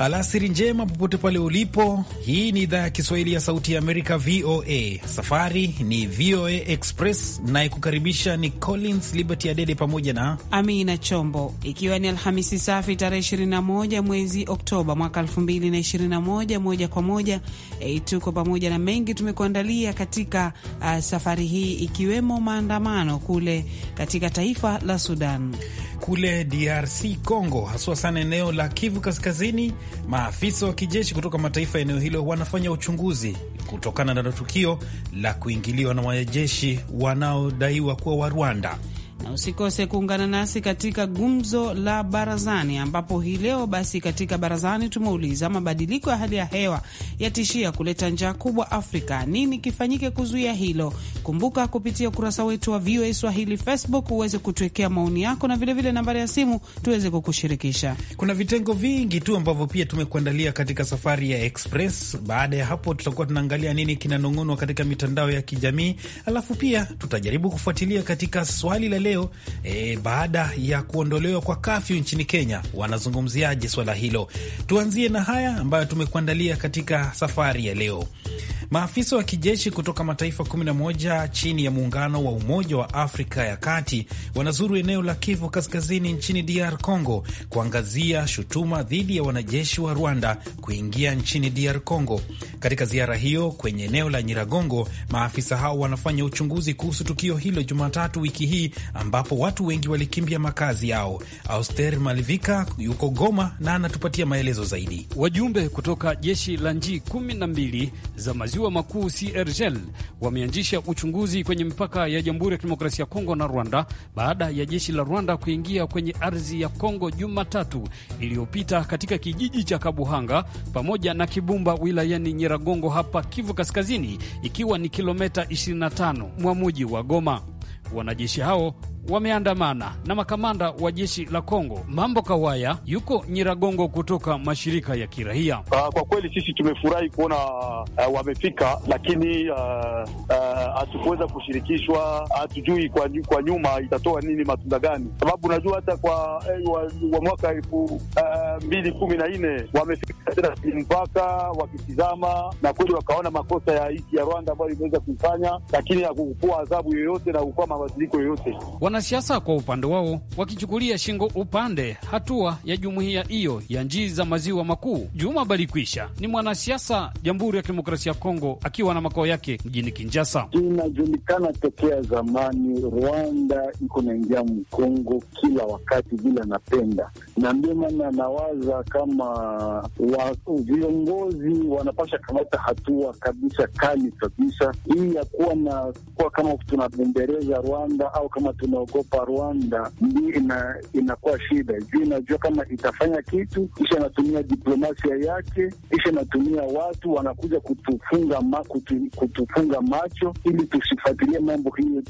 Alasiri njema popote pale ulipo. Hii ni idhaa ya Kiswahili ya Sauti ya Amerika, VOA. Safari ni VOA Express, nayekukaribisha ni Collins Liberty Adede pamoja na Amina Chombo, ikiwa ni Alhamisi safi tarehe 21 mwezi Oktoba mwaka 2021. Moja kwa moja e, tuko pamoja na mengi tumekuandalia katika uh, safari hii, ikiwemo maandamano kule katika taifa la Sudan, kule DRC Congo, haswa sana eneo la Kivu Kaskazini Maafisa wa kijeshi kutoka mataifa ya eneo hilo wanafanya uchunguzi kutokana na tukio la kuingiliwa na wanajeshi wanaodaiwa kuwa wa Rwanda na usikose kuungana nasi katika gumzo la barazani, ambapo hii leo basi katika barazani tumeuliza mabadiliko ya hali ya hewa yatishia kuleta njaa kubwa Afrika, nini kifanyike kuzuia hilo? Kumbuka kupitia ukurasa wetu wa VOA Swahili Facebook uweze kutuwekea maoni yako na vilevile nambari ya simu tuweze kukushirikisha. Kuna vitengo vingi tu ambavyo pia tumekuandalia katika safari ya Express. Baada ya hapo, tutakuwa tunaangalia nini kinanong'onwa katika mitandao ya kijamii, alafu pia tutajaribu kufuatilia katika swali la leo leo e, baada ya kuondolewa kwa kafyu nchini Kenya, wanazungumziaje swala hilo? Tuanzie na haya ambayo tumekuandalia katika safari ya leo. Maafisa wa kijeshi kutoka mataifa 11 chini ya muungano wa Umoja wa Afrika ya Kati wanazuru eneo la Kivu Kaskazini nchini DR Congo kuangazia shutuma dhidi ya wanajeshi wa Rwanda kuingia nchini DR Congo. Katika ziara hiyo kwenye eneo la Nyiragongo, maafisa hao wanafanya uchunguzi kuhusu tukio hilo Jumatatu wiki hii, ambapo watu wengi walikimbia makazi yao. Auster Malivika yuko Goma na anatupatia maelezo zaidi. Wajumbe kutoka jeshi la njii 12 za maziwa maziwa makuu CRGL wameanzisha uchunguzi kwenye mipaka ya Jamhuri ya Kidemokrasia ya Kongo na Rwanda baada ya jeshi la Rwanda kuingia kwenye ardhi ya Kongo Jumatatu iliyopita katika kijiji cha Kabuhanga pamoja na Kibumba wilayani Nyiragongo hapa Kivu Kaskazini, ikiwa ni kilomita 25 mwa muji wa Goma. Wanajeshi hao wameandamana na makamanda wa jeshi la Kongo. Mambo Kawaya yuko Nyiragongo kutoka mashirika ya kirahia. Kwa, ah, kwa kweli sisi tumefurahi kuona uh, wamefika, lakini ah, hatukuweza uh, uh, kushirikishwa. Hatujui kwa, kwa nyuma itatoa nini matunda gani, sababu unajua hata kwa eh, wa, wa mwaka elfu uh, mbili kumi na nne wamefika tena mpaka wakitizama, na kweli wakaona makosa ya nchi ya Rwanda ambayo imeweza kuifanya, lakini hakukuwa adhabu yoyote na kukuwa mabadiliko yoyote Wana Wanasiasa kwa upande wao wakichukulia shingo upande hatua ya jumuiya hiyo ya njii za maziwa makuu. Juma Balikwisha ni mwanasiasa Jamhuri ya Kidemokrasia ya Kongo akiwa na makao yake mjini Kinjasa. Inajulikana tokea zamani, Rwanda iko naingia Mkongo kila wakati vile anapenda, na ndio maana anawaza kama wa, viongozi wanapasha kamata hatua kabisa kali kabisa, hii ya kuwa na kuwa kama tunabembeleza Rwanda au kama tuna kuogopa Rwanda ndio ina, inakuwa shida juu inajua kama itafanya kitu kisha inatumia diplomasia yake kisha inatumia watu wanakuja kutufunga, ma, kutu, kutufunga macho ili tusifuatilie mambo hiyo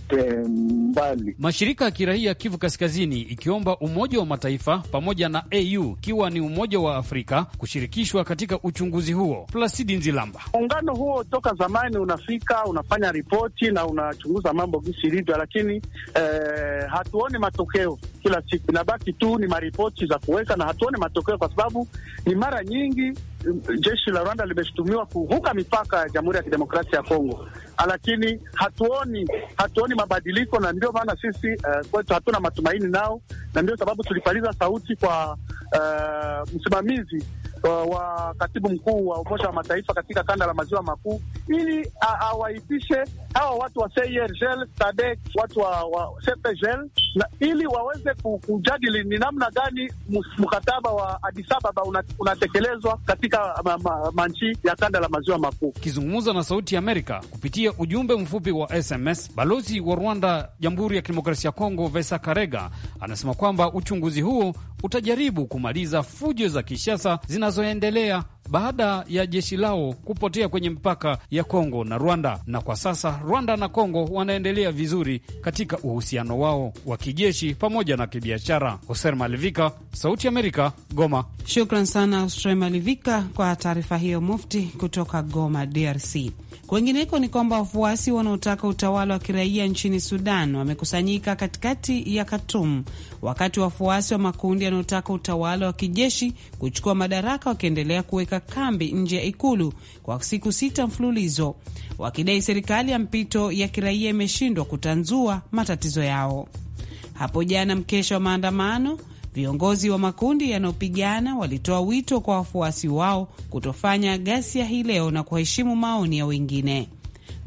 mbali. Mashirika ya kiraia Kivu Kaskazini ikiomba Umoja wa Mataifa pamoja na AU ikiwa ni Umoja wa Afrika kushirikishwa katika uchunguzi huo. Plasidi Nzilamba: muungano huo toka zamani unafika unafanya ripoti na unachunguza mambo gisi ilivyo, lakini eh, hatuoni matokeo kila siku, inabaki tu ni maripoti za kuweka na hatuoni matokeo, kwa sababu ni mara nyingi um, jeshi la Rwanda limeshutumiwa kuvuka mipaka ya Jamhuri ya Kidemokrasia ya Kongo, ah, lakini hatuoni hatuoni mabadiliko, na ndio maana sisi uh, kwetu hatuna matumaini nao, na ndio sababu tulipaliza sauti kwa uh, msimamizi wa katibu mkuu wa Umoja wa Mataifa katika kanda la maziwa makuu ili awaitishe hawa watu wa CIRGL, SADC, watu wa, wa CPGL na ili waweze kujadili ni namna gani mkataba wa Addis Ababa unatekelezwa una katika ma, ma, manchi ya kanda la maziwa makuu. Akizungumza na Sauti ya Amerika kupitia ujumbe mfupi wa SMS, balozi wa Rwanda Jamhuri ya Kidemokrasia ya Kongo Vesa Karega anasema kwamba uchunguzi huo utajaribu kumaliza fujo za kisiasa zinazoendelea baada ya jeshi lao kupotea kwenye mpaka ya Kongo na Rwanda, na kwa sasa Rwanda na Kongo wanaendelea vizuri katika uhusiano wao wa kijeshi pamoja na kibiashara. Hoser Malivika, Sauti Amerika, Goma. Shukran sana Hoser Malivika kwa taarifa hiyo, Mufti kutoka Goma, DRC. Kwengineko ni kwamba wafuasi wanaotaka utawala wa kiraia nchini Sudan wamekusanyika katikati ya Khartoum, wakati wafuasi wa makundi yanayotaka utawala wa kijeshi kuchukua madaraka wakiendelea kuweka katika kambi nje ya ikulu kwa siku sita mfululizo, wakidai serikali ya mpito ya kiraia imeshindwa kutanzua matatizo yao. Hapo jana, mkesha wa maandamano, viongozi wa makundi yanayopigana walitoa wito kwa wafuasi wao kutofanya ghasia hii leo na kuheshimu maoni ya wengine.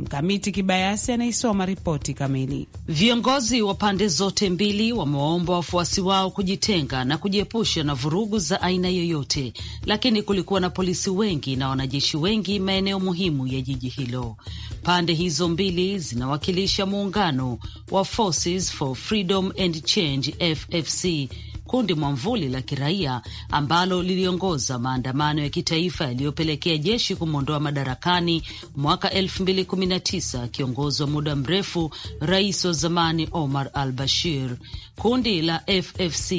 Mkamiti Kibayasi anaisoma ripoti kamili. Viongozi wa pande zote mbili wamewaomba wafuasi wao kujitenga na kujiepusha na vurugu za aina yoyote, lakini kulikuwa na polisi wengi na wanajeshi wengi maeneo muhimu ya jiji hilo. Pande hizo mbili zinawakilisha muungano wa Forces for Freedom and Change FFC kundi mwamvuli la kiraia ambalo liliongoza maandamano ya kitaifa yaliyopelekea jeshi kumwondoa madarakani mwaka 2019 akiongozwa muda mrefu rais wa zamani Omar al Bashir. Kundi la FFC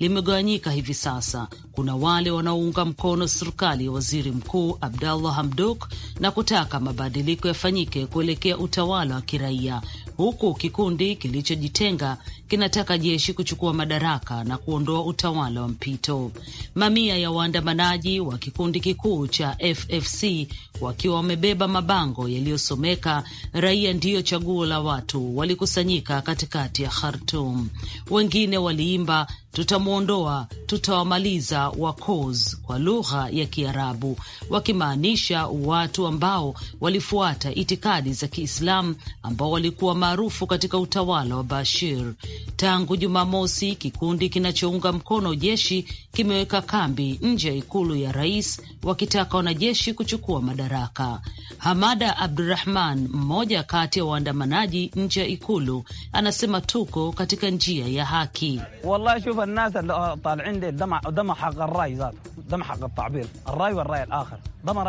limegawanyika hivi sasa. Kuna wale wanaounga mkono serikali ya waziri mkuu Abdallah hamduk na kutaka mabadiliko yafanyike kuelekea utawala wa kiraia, huku kikundi kilichojitenga kinataka jeshi kuchukua madaraka na kuondoa utawala wa mpito. Mamia ya waandamanaji wa kikundi kikuu cha FFC wakiwa wamebeba mabango yaliyosomeka raia ndiyo chaguo la watu, walikusanyika katikati ya Khartum. Wengine waliimba tutamwondoa, tutawamaliza wacos kwa lugha ya Kiarabu, wakimaanisha watu ambao walifuata itikadi za Kiislamu ambao walikuwa maarufu katika utawala wa Bashir. Tangu Jumamosi, kikundi kinachounga mkono jeshi kimeweka kambi nje ya ikulu ya rais, wakitaka wanajeshi kuchukua madaraka. Hamada Abdurahman, mmoja kati ya waandamanaji nje ya ikulu, anasema tuko katika njia ya haki.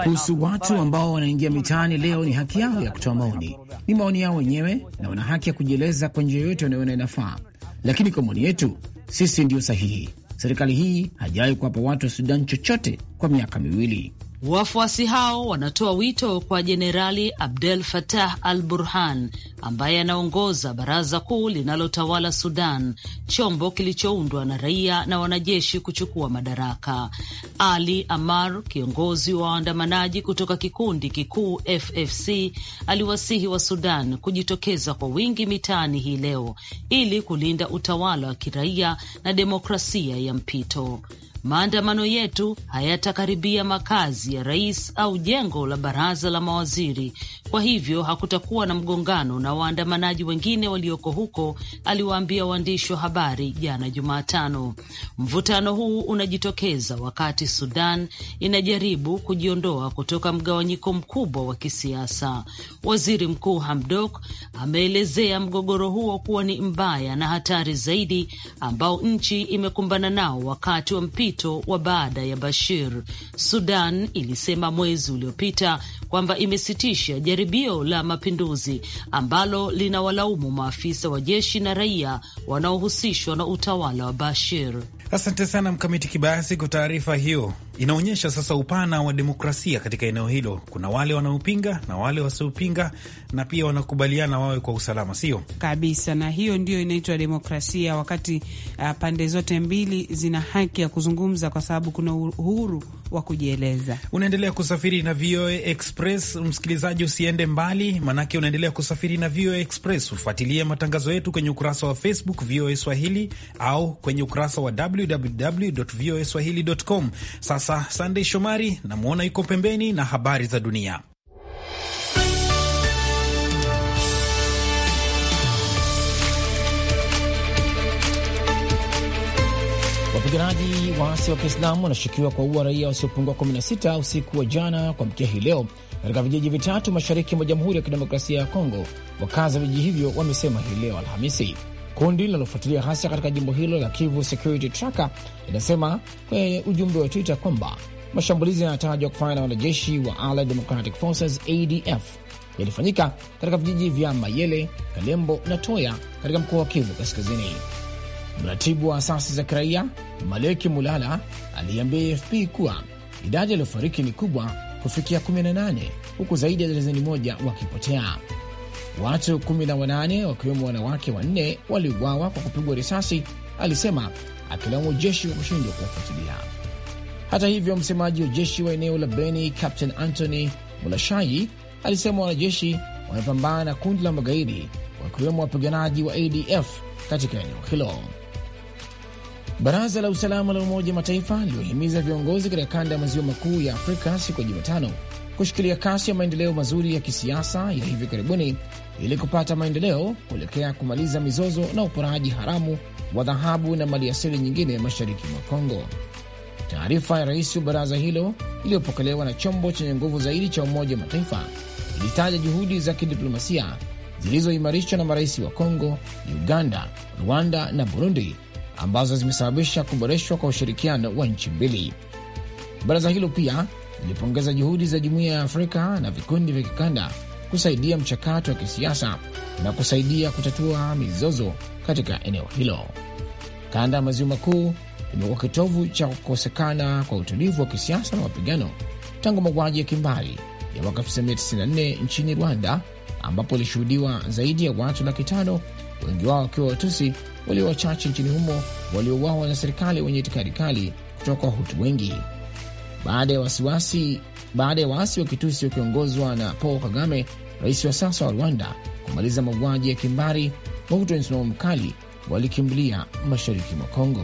Kuhusu watu ambao wanaingia mitaani leo, ni haki yao ya kutoa maoni, ni maoni yao wenyewe, na wana haki ya kujieleza kwa njia yoyote wanayoona inafaa lakini kwa maoni yetu sisi ndiyo sahihi. Serikali hii hajawahi kuwapa watu wa Sudan chochote kwa miaka miwili. Wafuasi hao wanatoa wito kwa Jenerali Abdel Fattah al Burhan, ambaye anaongoza baraza kuu linalotawala Sudan, chombo kilichoundwa na raia na wanajeshi, kuchukua madaraka. Ali Amar, kiongozi wa waandamanaji kutoka kikundi kikuu FFC, aliwasihi wa Sudan kujitokeza kwa wingi mitaani hii leo ili kulinda utawala wa kiraia na demokrasia ya mpito maandamano yetu hayatakaribia makazi ya rais au jengo la baraza la mawaziri, kwa hivyo hakutakuwa na mgongano na waandamanaji wengine walioko huko, aliwaambia waandishi wa habari jana Jumatano. Mvutano huu unajitokeza wakati Sudan inajaribu kujiondoa kutoka mgawanyiko mkubwa wa kisiasa. Waziri Mkuu Hamdok ameelezea mgogoro huo kuwa ni mbaya na hatari zaidi ambao nchi imekumbana nao wakati wa mpito mpito wa baada ya Bashir. Sudan ilisema mwezi uliopita kwamba imesitisha jaribio la mapinduzi ambalo linawalaumu maafisa wa jeshi na raia wanaohusishwa na utawala wa Bashir. Asante sana Mkamiti Kibayasi kwa taarifa hiyo inaonyesha sasa upana wa demokrasia katika eneo hilo. Kuna wale wanaopinga na wale wasiopinga, na pia wanakubaliana wawe kwa usalama, sio kabisa. Na hiyo ndio inaitwa demokrasia, wakati uh, pande zote mbili zina haki ya kuzungumza, kwa sababu kuna uhuru wa kujieleza. Unaendelea kusafiri na VOA Express, msikilizaji, usiende mbali, manake unaendelea kusafiri na VOA Express. Ufuatilie matangazo yetu kwenye ukurasa wa Facebook VOA Swahili au kwenye ukurasa wa www voaswahili.com. Sasa sasa Sandey Shomari namwona yuko pembeni na habari za dunia. Wapiganaji waasi wa Kiislamu wanashukiwa kwa ua raia wasiopungua 16 usiku wa jana kwa mkia hii leo katika vijiji vitatu mashariki mwa Jamhuri ya Kidemokrasia ya Kongo. Wakazi wa vijiji hivyo wamesema hii leo Alhamisi Kundi linalofuatilia hasa katika jimbo hilo la Kivu, Security Tracker, linasema kwenye ujumbe wa Twitter kwamba mashambulizi yanatajwa kufanya na wanajeshi wa Allied Democratic Forces ADF yalifanyika katika vijiji vya Mayele, Kalembo na Toya katika mkoa wa Kivu Kaskazini. Mratibu wa asasi za kiraia Maleki Mulala aliambia AFP kuwa idadi yaliyofariki ni kubwa kufikia 18 huku zaidi ya darazeni moja wakipotea. Watu 18 wakiwemo wanawake wanne waliuawa kwa kupigwa risasi, alisema, akilaumu jeshi kwa kushindwa kuwafuatilia. Hata hivyo, msemaji wa jeshi wa eneo la Beni Captain Anthony mulashai alisema wanajeshi wamepambana na kundi la magaidi wakiwemo wapiganaji wa ADF katika eneo hilo. Baraza la usalama la Umoja Mataifa liliohimiza viongozi katika kanda ya maziwa makuu ya Afrika siku ya Jumatano kushikilia kasi ya maendeleo mazuri ya kisiasa ya hivi karibuni ili kupata maendeleo kuelekea kumaliza mizozo na uporaji haramu wa dhahabu na asili nyingine mashariki mwa Kongo. Taarifa ya rais wa baraza hilo iliyopokelewa na chombo chenye nguvu zaidi cha Umoja wa Mataifa ilitaja juhudi za kidiplomasia zilizoimarishwa na marais wa Kongo, Uganda, Rwanda na Burundi ambazo zimesababisha kuboreshwa kwa ushirikiano wa nchi mbili. Baraza hilo pia ilipongeza juhudi za jumuiya ya Afrika na vikundi vya kikanda kusaidia mchakato wa kisiasa na kusaidia kutatua mizozo katika eneo hilo. Kanda ya maziwa makuu imekuwa kitovu cha kukosekana kwa utulivu wa kisiasa na mapigano tangu mauaji ya kimbari ya mwaka 1994 nchini Rwanda, ambapo ilishuhudiwa zaidi ya watu laki tano, wengi wao wakiwa Watusi walio wachache nchini humo, waliouawa na serikali wenye itikadi kali kutoka Wahutu wengi baada ya wasiwasi baada ya waasi wa kitusi wakiongozwa na Paul Kagame, rais wa sasa wa Rwanda, kumaliza mauaji ya kimbari, watu wenye msimamo mkali walikimbilia mashariki mwa Kongo.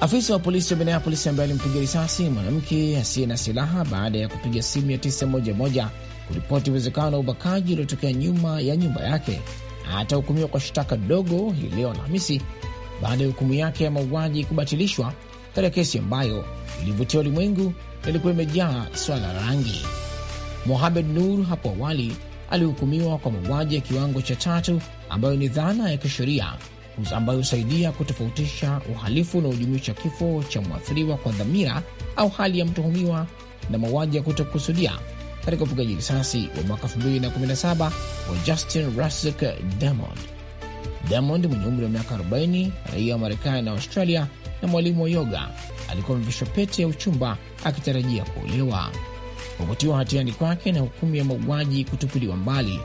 Afisa wa polisi wa Minneapolis ambaye alimpiga risasi mwanamke asiye na silaha baada ya kupiga simu ya 911 kuripoti uwezekano wa ubakaji uliotokea nyuma ya nyumba yake atahukumiwa kwa shtaka dogo hii leo Alhamisi baada ya hukumu yake ya mauaji kubatilishwa katika kesi ambayo ilivutia ulimwengu na ilikuwa imejaa swala la rangi. Mohamed Nur hapo awali alihukumiwa kwa mauaji ya kiwango cha tatu, ambayo ni dhana ya kisheria ambayo husaidia kutofautisha uhalifu unaojumuisha kifo cha mwathiriwa kwa dhamira au hali ya mtuhumiwa na mauaji ya kutokusudia katika upigaji risasi wa mwaka 2017 wa Justin Rasek Diamond. Diamond mwenye umri wa miaka 40, raia wa Marekani na Australia na mwalimu wa yoga alikuwa amevishwa pete ya uchumba akitarajia kuolewa. Kuvutiwa hatiani kwake na hukumu ya mauaji kutupiliwa mbali,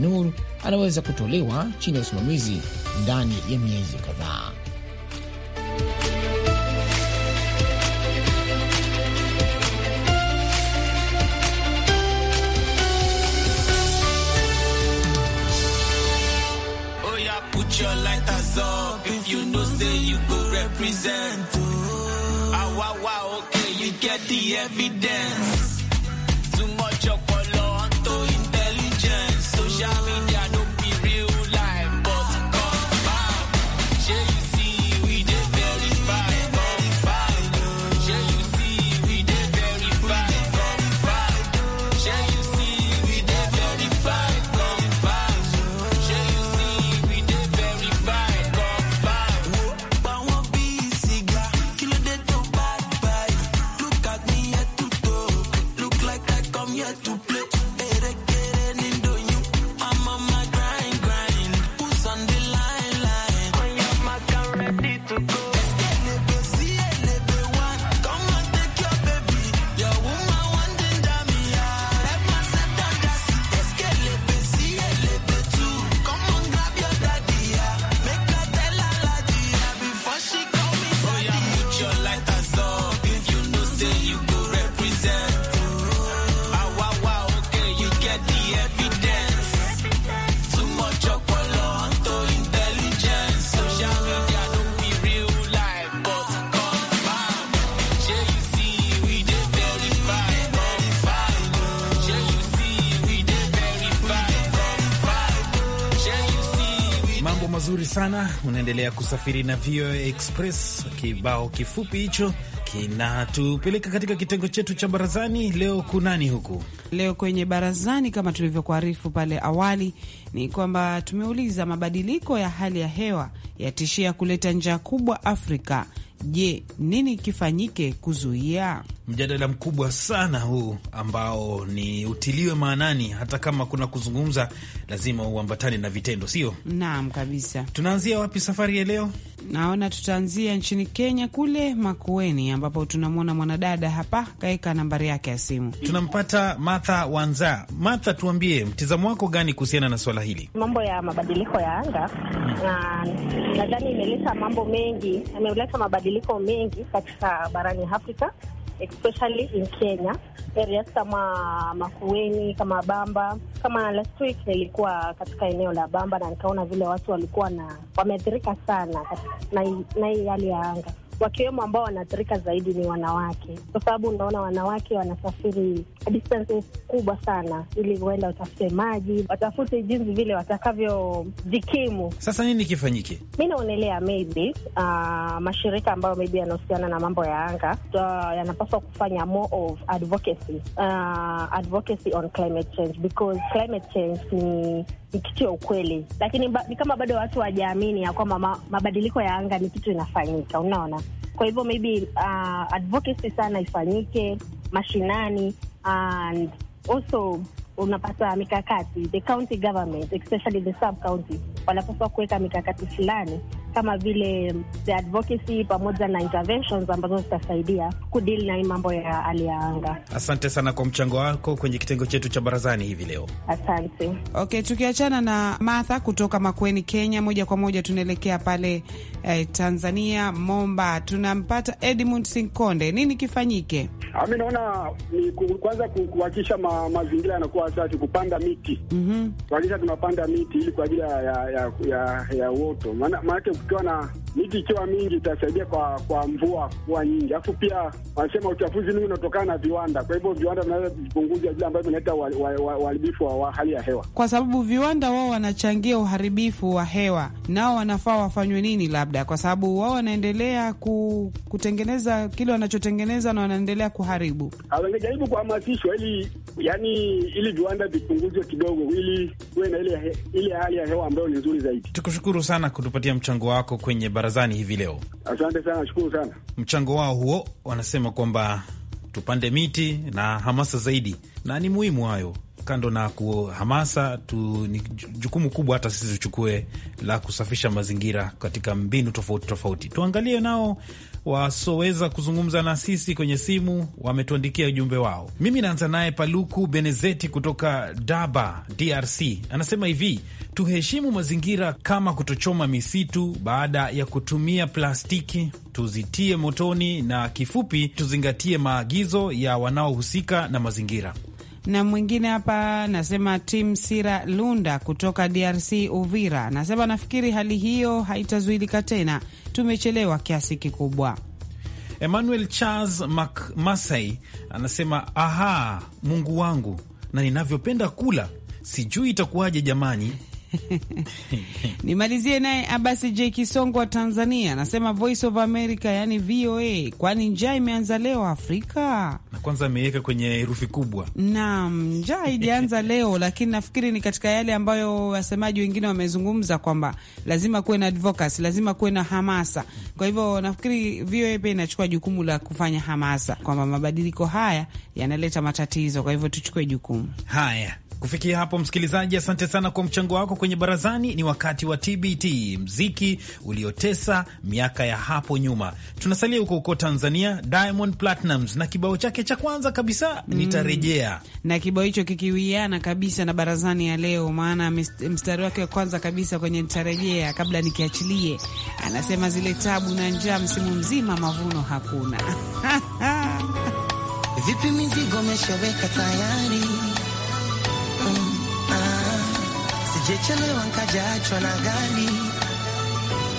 Nur anaweza kutolewa chini ya usimamizi ndani ya miezi kadhaa. Oh yeah, you know say you go represent. Oh, ah, wow, wow, okay, you get the evidence. Too much sana. Unaendelea kusafiri na VOA Express. Kibao kifupi hicho kinatupeleka katika kitengo chetu cha barazani. Leo kunani huku leo kwenye barazani, kama tulivyokuarifu pale awali, ni kwamba tumeuliza mabadiliko ya hali ya hewa yatishia kuleta njaa kubwa Afrika. Je, nini kifanyike kuzuia? Mjadala mkubwa sana huu ambao ni utiliwe maanani, hata kama kuna kuzungumza, lazima uambatane na vitendo, sio? Naam, kabisa. Tunaanzia wapi safari ya leo? Naona tutaanzia nchini Kenya kule Makueni, ambapo tunamwona mwanadada hapa kaweka nambari yake ya simu. Tunampata Martha Wanza. Martha, tuambie mtizamo wako gani kuhusiana na swala hili, mambo ya mabadiliko ya anga? Hmm. na nadhani imeleta mambo mengi, imeleta mabadiliko mabadiliko mengi katika barani Afrika especially in Kenya areas kama Makueni, kama Bamba. Kama last week nilikuwa katika eneo la Bamba na nikaona vile watu walikuwa na wameathirika sana na hii hali ya anga wakiwemo ambao wanaathirika zaidi ni wanawake, kwa sababu unaona wanawake wanasafiri distance kubwa sana, ili huenda watafute maji, watafute jinsi vile watakavyojikimu. Sasa nini kifanyike? Mi naonelea maybe uh, mashirika ambayo maybe yanahusiana na mambo ya anga uh, yanapaswa kufanya more of advocacy, uh, advocacy on climate change because climate change ni ya ukweli, lakini ba, ni kama bado watu wajaamini ya kwamba mabadiliko ya anga ni kitu inafanyika, unaona. Kwa hivyo maybe uh, advocacy sana ifanyike mashinani and also unapata mikakati, the county government especially the sub county wanapaswa kuweka mikakati fulani kama vile mm, the advocacy pamoja na interventions ambazo zitasaidia kudili na hii mambo ya hali ya anga. Asante sana kwa mchango wako kwenye kitengo chetu cha barazani hivi leo. Asante. Okay, tukiachana na Martha kutoka Makueni, Kenya, moja kwa moja tunaelekea pale eh, Tanzania, Momba, tunampata Edmund Sinkonde. Nini kifanyike? Ah, Mi naona ni kwanza kuhakikisha ma, mazingira yanakuwa safi, kupanda miti mm -hmm. Kuhakikisha tunapanda miti ili kwa ajili ya, ya, ya, ya, ya uoto maanake kukiwa na miti ikiwa mingi itasaidia kwa kwa mvua kuwa nyingi, alafu pia wanasema uchafuzi mingi unatokana na viwanda. Kwa hivyo viwanda vinaweza vipunguza vile ambavyo vinaleta uharibifu wa, wa, wa, wa hali ya hewa, kwa sababu viwanda wao wanachangia uharibifu wa hewa. Nao wanafaa wafanywe nini? Labda kwa sababu wao wanaendelea ku, kutengeneza kile wanachotengeneza na wanaendelea kuharibu. Ah, wangejaribu kuhamasishwa ili yani, ili viwanda vipunguzwe kidogo, ili kuwe na ile, ile hali ya hewa ambayo ni nzuri zaidi. Tukushukuru sana kutupatia mchango wako kwenye barazani hivi leo. Asante sana, shukuru sana. Mchango wao huo, wanasema kwamba tupande miti na hamasa zaidi, na ni muhimu hayo kando na kuhamasa tu, ni jukumu kubwa hata sisi tuchukue la kusafisha mazingira katika mbinu tofauti tofauti. Tuangalie nao wasoweza kuzungumza na sisi kwenye simu, wametuandikia ujumbe wao. Mimi naanza naye Paluku Benezeti kutoka Daba, DRC, anasema hivi: Tuheshimu mazingira kama kutochoma misitu baada ya kutumia plastiki, tuzitie motoni, na kifupi, tuzingatie maagizo ya wanaohusika na mazingira. Na mwingine hapa nasema Tim Sira Lunda kutoka DRC Uvira anasema nafikiri hali hiyo haitazuilika tena, tumechelewa kiasi kikubwa. Emmanuel Charles Masai anasema aha, Mungu wangu, na ninavyopenda kula sijui itakuwaje jamani. Nimalizie naye Abasi J Kisongo wa Tanzania anasema Voice of America, yani VOA, kwani njaa imeanza leo Afrika? Na kwanza ameweka kwenye herufi kubwa. Naam, njaa ijaanza leo, lakini nafikiri ni katika yale ambayo wasemaji wengine wamezungumza kwamba lazima kuwe na advocacy, lazima kuwe na hamasa. Kwa hivyo nafikiri VOA pia inachukua jukumu la kufanya hamasa kwamba mabadiliko haya yanaleta matatizo, kwa hivyo tuchukue jukumu haya. Kufikia hapo, msikilizaji, asante sana kwa mchango wako kwenye barazani. Ni wakati wa TBT, mziki uliotesa miaka ya hapo nyuma. Tunasalia huko huko Tanzania, Diamond Platnumz na kibao chake cha kwanza kabisa mm, nitarejea na kibao hicho kikiwiana kabisa na barazani ya leo, maana mstari wake wa kwanza kabisa kwenye nitarejea, kabla nikiachilie, anasema zile tabu na njaa msimu mzima mavuno hakuna. Vipi, mizigo meshaweka tayari Sijechelewa nkajachwa na gari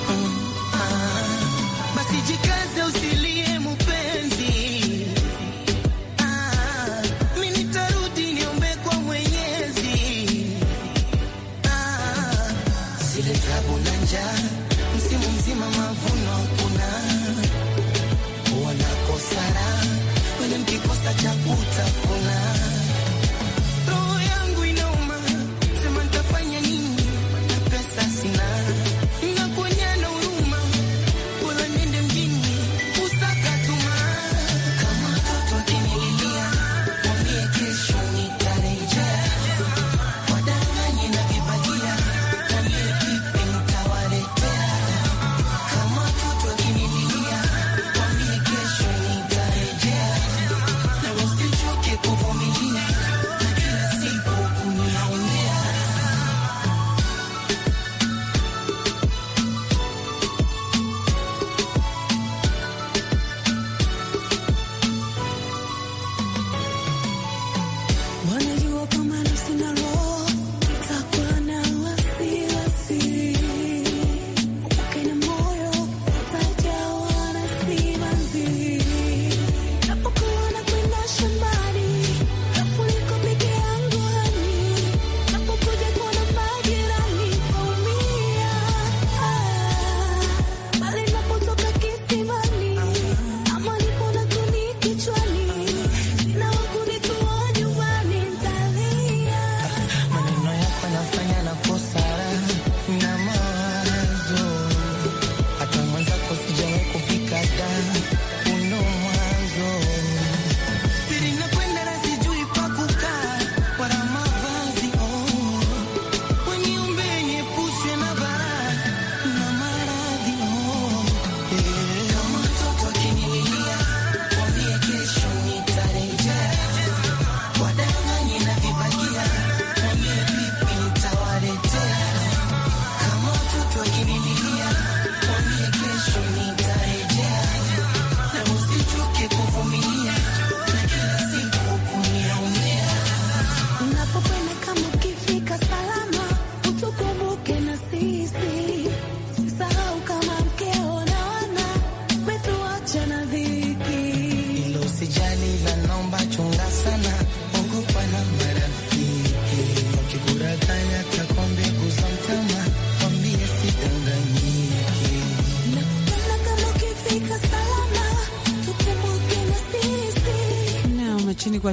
mm, ah. Basi jikaze usilie mupenzi ah, mi Mwenyezi ah. Zile msimu mzima mavuno kuna wanakosara wenye mkikosa cha kutafuta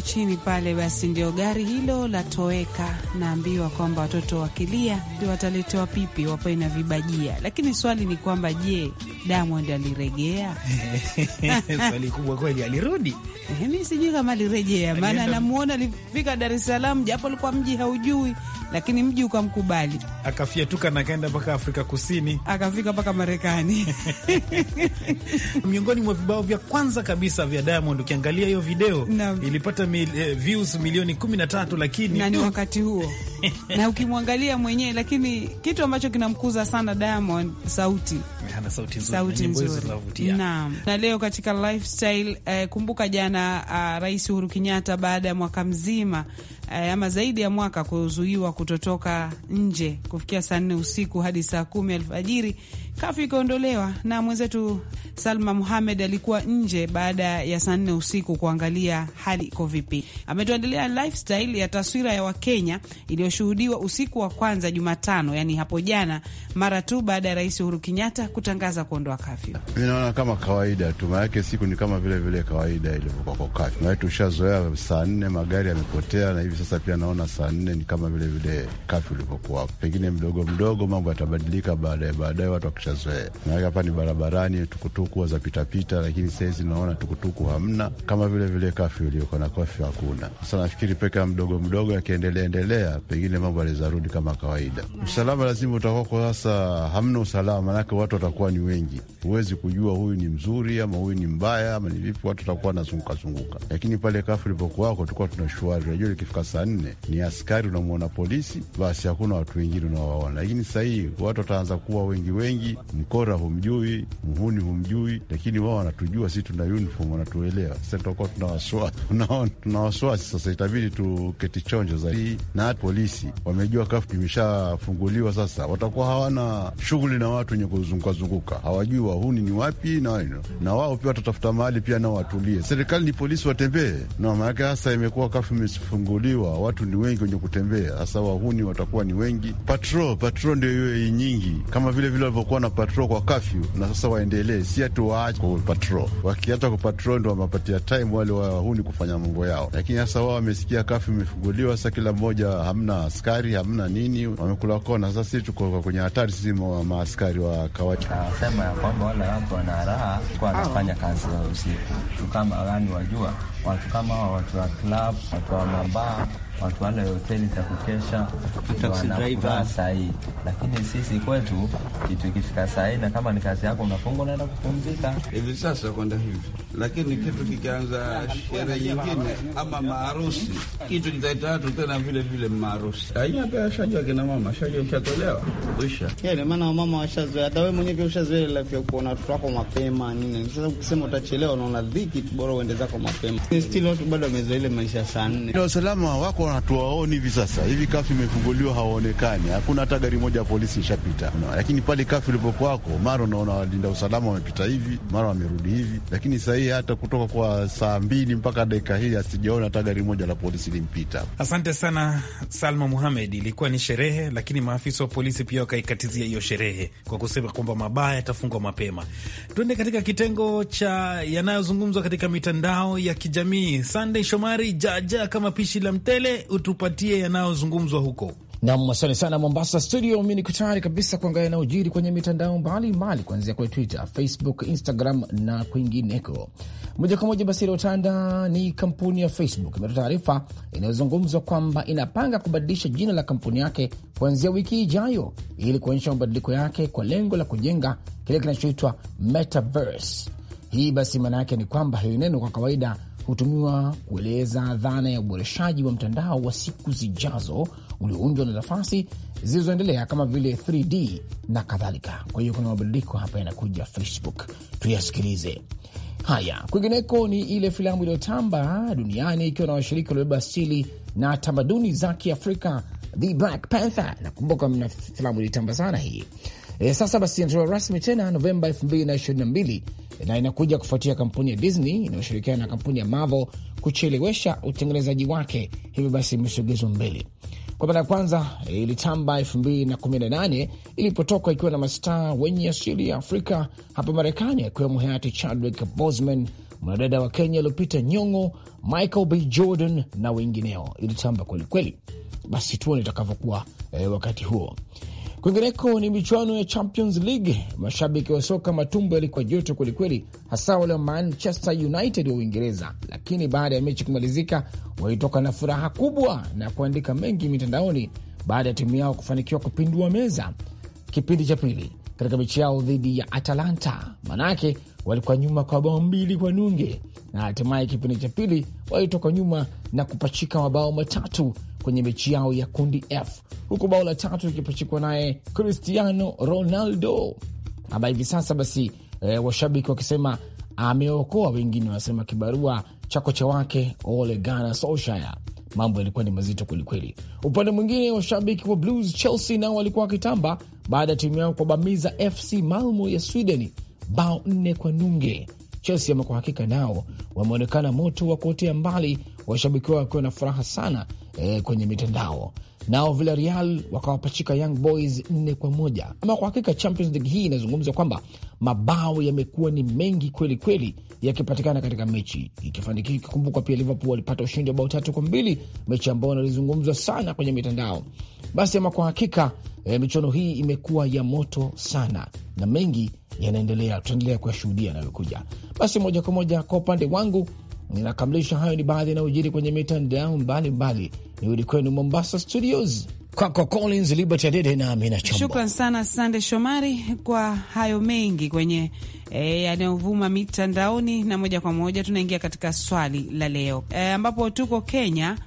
chini pale, basi ndio gari hilo latoweka. Naambiwa kwamba watoto wakilia ndio wataletewa pipi wapawe na vibajia, lakini swali ni kwamba je, Diamond aliregea? Swali kubwa kweli, alirudi? Eh, Mi sijui kama alirejea, maana namuona alifika Dar es Salaam, japo alikuwa mji haujui lakini mji ukamkubali, akafiatuka na akaenda mpaka Afrika Kusini, akafika mpaka Marekani. Miongoni mwa vibao vya kwanza kabisa vya Diamond, ukiangalia hiyo video na ilipata mil, eh, views milioni kumi na tatu, lakini na ni wakati huo na ukimwangalia mwenyewe, lakini kitu ambacho kinamkuza sana Diamond sauti sauti nzuri, na, na leo katika lifestyle eh, kumbuka jana, uh, Rais Uhuru Kenyatta baada ya mwaka mzima Eh, ama zaidi ya mwaka kuzuiwa kutotoka nje kufikia saa nne usiku hadi saa kumi alfajiri kafu ikaondolewa na mwenzetu Salma Muhamed alikuwa nje baada ya saa nne usiku kuangalia hali iko vipi. Ametuandalia lifestyle ya taswira ya Wakenya iliyoshuhudiwa usiku wa kwanza Jumatano, yani hapo jana, mara tu baada ya Rais Uhuru Kenyatta kutangaza kuondoa kafyu. Mi naona kama kawaida tu, maanake siku ni kama vilevile vile kawaida kwa kafyu, maanake tushazoea saa nne magari yamepotea, na hivi sasa pia naona saa nne ni kama vilevile kafyu ilivyokuwapo. Pengine mdogo mdogo mambo yatabadilika baadaye, baadaye watu wakisha tumeshazoea. Maanake hapa ni barabarani, tukutuku wazapitapita, lakini sahizi naona tukutuku hamna, kama vile vile kafyu iliyoko na kafyu hakuna. Sasa nafikiri peka mdogo mdogo akiendelea endelea, pengine mambo alizarudi kama kawaida. Usalama lazima utakuwako, sasa hamna usalama, manake watu watakuwa ni wengi, huwezi kujua huyu ni mzuri ama huyu ni mbaya ama ni vipi, watu watakuwa wanazungukazunguka. Lakini pale kafu ilipokuwako tulikuwa tuna shuari, unajua likifika saa nne ni askari unamwona polisi, basi hakuna watu wengine unawaona. Lakini sahii watu wataanza kuwa wengi wengi, mkora humjui, mhuni humjui, lakini wao wanatujua, sii tuna uniform, wanatuelewa. Sasa tutakuwa tuna wasiwasi, sasa, itabidi tuketi chonjo zaidi. Na polisi wamejua kafu imeshafunguliwa, sasa watakuwa hawana shughuli na watu wenye kuzungukazunguka, hawajui wahuni ni wapi na wano. na wao pia watatafuta mahali pia nao watulie. Serikali ni polisi, watembee na maanake, hasa imekuwa kafu imefunguliwa, watu ni wengi wenye kutembea, hasa wahuni watakuwa ni wengi, patro patro ndio iwe nyingi, kama vile vile walivyokuwa wana patrol kwa kafyu, na sasa waendelee, si ati waache kupatrol. Wakiacha kupatrol ndo wamapatia time wale wahuni kufanya mambo yao, lakini sasa wao wamesikia kafyu imefunguliwa, sasa kila mmoja hamna askari hamna nini, wamekula kona. Sasa sisi tuko kwenye hatari, sisi maaskari wa kawaida. Nasema ya kwamba wale watu wana raha kuwa wanafanya kazi za usiku, kama wajua watu kama watu wa club, watu wa mabaa watu wale hoteli za kukesha wanakula sahii, lakini sisi kwetu kitu ikifika sahii, na kama ni kazi yako unafunga, unaenda kupumzika. Hivi sasa kwenda hivi, lakini kitu kikianza sherehe nyingine ama maarusi, kitu kitaita watu tena vile vile maarusi. Ashajua kina mama, ashajua ushatolewa, uisha yale, maana wamama washazoea, hata wewe mwenyewe ushazoea ya kuona watu wako mapema nini. Sasa ukisema utachelewa, unaona dhiki, bora uende zako mapema. Still watu bado wamezoea ile maisha saa nne, ndio usalama wako hatuwaoni hivi sasa hivi. Kafu imefunguliwa hawaonekani, hakuna hata gari moja ya polisi ishapita no. Lakini pale kafu ilipokuwako, mara unaona walinda usalama wamepita hivi, mara wamerudi hivi, lakini sahii hata kutoka kwa saa mbili mpaka dakika hii asijaona hata gari moja la polisi limpita. Asante sana Salma Muhamed. Ilikuwa ni sherehe, lakini maafisa wa polisi pia wakaikatizia hiyo sherehe kwa kusema kwamba mabaya yatafungwa mapema. Tuende katika kitengo cha yanayozungumzwa katika mitandao ya kijamii. Sandey Shomari jaja kama pishi la mtele utupatie yanayozungumzwa huko. Nam, asante sana Mombasa studio. Mi niko tayari kabisa kuangalia na ujiri kwenye mitandao mbalimbali, kuanzia kwenye Twitter, Facebook, Instagram na kwingineko. Moja kwa moja basi, iliyotanda ni kampuni ya Facebook imetoa taarifa inayozungumzwa kwamba inapanga kubadilisha jina la kampuni yake kuanzia wiki ijayo, ili kuonyesha mabadiliko yake kwa lengo la kujenga kile kinachoitwa metaverse. Hii basi maana yake ni kwamba hili neno kwa kawaida hutumiwa kueleza dhana ya uboreshaji wa mtandao wa siku zijazo ulioundwa na nafasi zilizoendelea kama vile 3D na kadhalika. Kwa hiyo kuna mabadiliko hapa yanakuja Facebook, tuyasikilize haya. Kwingineko ni ile filamu iliyotamba duniani ikiwa na washiriki waliobeba asili na tamaduni za Kiafrika, The Black Panther. Nakumbuka mna filamu ilitamba sana hii E, sasa basi inatolewa rasmi tena Novemba 2022 e, na inakuja kufuatia kampuni ya Disney inayoshirikiana na kampuni ya Marvel kuchelewesha utengenezaji wake, hivyo basi imesogezwa mbele. Kwa mara ya kwanza e, ilitamba 2018 ilipotoka ikiwa na mastaa wenye asili ya Afrika hapa Marekani, akiwemo hayati Chadwick Boseman, mwanadada wa Kenya Lupita Nyong'o, Michael B Jordan na wengineo. Ilitamba kwelikweli, basi tuone itakavyokuwa eh, wakati huo Kwingineko ni michuano ya Champions League. Mashabiki wa soka matumbo yalikuwa joto kwelikweli, hasa wale wa Manchester United wa Uingereza, lakini baada ya mechi kumalizika, walitoka na furaha kubwa na kuandika mengi mitandaoni baada ya timu yao kufanikiwa kupindua meza kipindi cha pili katika mechi yao dhidi ya Atalanta. Manake walikuwa nyuma kwa bao mbili kwa nunge, na hatimaye kipindi cha pili walitoka nyuma na kupachika mabao matatu kwenye mechi yao ya kundi F, huku bao la tatu likipachikwa naye Cristiano Ronaldo ambaye hivi sasa basi e, washabiki wakisema ameokoa, wengine wanasema kibarua cha kocha wake Ole Gunnar Solskjaer. Mambo yalikuwa ni mazito kwelikweli. Upande mwingine, washabiki wa Blues Chelsea nao walikuwa wakitamba baada ya timu yao kuwabamiza FC Malmo ya Sweden bao nne kwa nunge. Chelsea ama kwa hakika nao wameonekana moto wa kuotea mbali, washabiki wao wakiwa na furaha sana eh, kwenye mitandao. Nao Villarreal wakawapachika Young Boys nne kwa moja. Ama kwa hakika Champions League hii inazungumza kwamba mabao yamekuwa ni mengi kweli kweli yakipatikana katika mechi ikifanikiwa. Ikikumbukwa pia Liverpool walipata ushindi wa bao tatu kwa mbili, mechi ambayo inalizungumzwa sana kwenye mitandao. Basi ama kwa hakika eh, michuano hii imekuwa ya moto sana na mengi yanaendelea, tutaendelea kuyashuhudia yanayokuja. Basi moja kwa moja kwa upande wangu Ninakamilisha hayo, ni baadhi yanayojiri kwenye mitandao mbalimbali. Nirudi kwenu Mombasa studios, kwako Collins Liberty Adede na Amina Chombo. Shukran sana Sande Shomari kwa hayo mengi kwenye E, yanayovuma mitandaoni na moja kwa moja tunaingia katika swali la leo eh, ambapo tuko Kenya.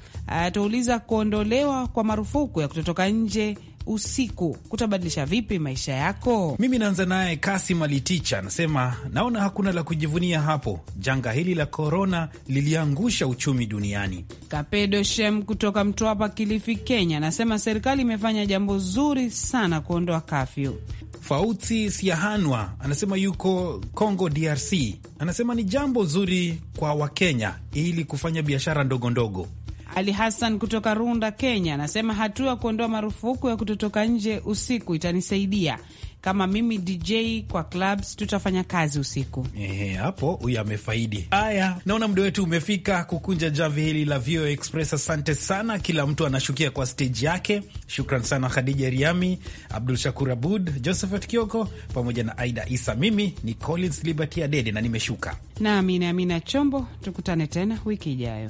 E, tuuliza kuondolewa kwa marufuku ya kutotoka nje usiku kutabadilisha vipi maisha yako? Mimi naanza naye Kasim Aliticha, anasema naona hakuna la kujivunia hapo, janga hili la korona liliangusha uchumi duniani. Kapedo Shem kutoka Mtwapa, Kilifi, Kenya, anasema serikali imefanya jambo zuri sana kuondoa kafyu. Fauti Siahanwa anasema yuko Congo DRC, anasema ni jambo zuri kwa Wakenya ili kufanya biashara ndogo ndogo ali Hassan kutoka Runda, Kenya, anasema hatua ya kuondoa marufuku ya kutotoka nje usiku itanisaidia kama mimi DJ kwa clubs tutafanya kazi usiku. Ehe, hapo huyo amefaidi. Haya, naona muda wetu umefika kukunja jamvi hili la VOA Express. Asante sana, kila mtu anashukia kwa stage yake. Shukran sana Khadija Riami, Abdul Shakur Abud, Josephat Kioko pamoja na Aida Isa. Mimi ni Collins Liberty Adede na nimeshuka nami ni Amina Chombo. Tukutane tena wiki ijayo.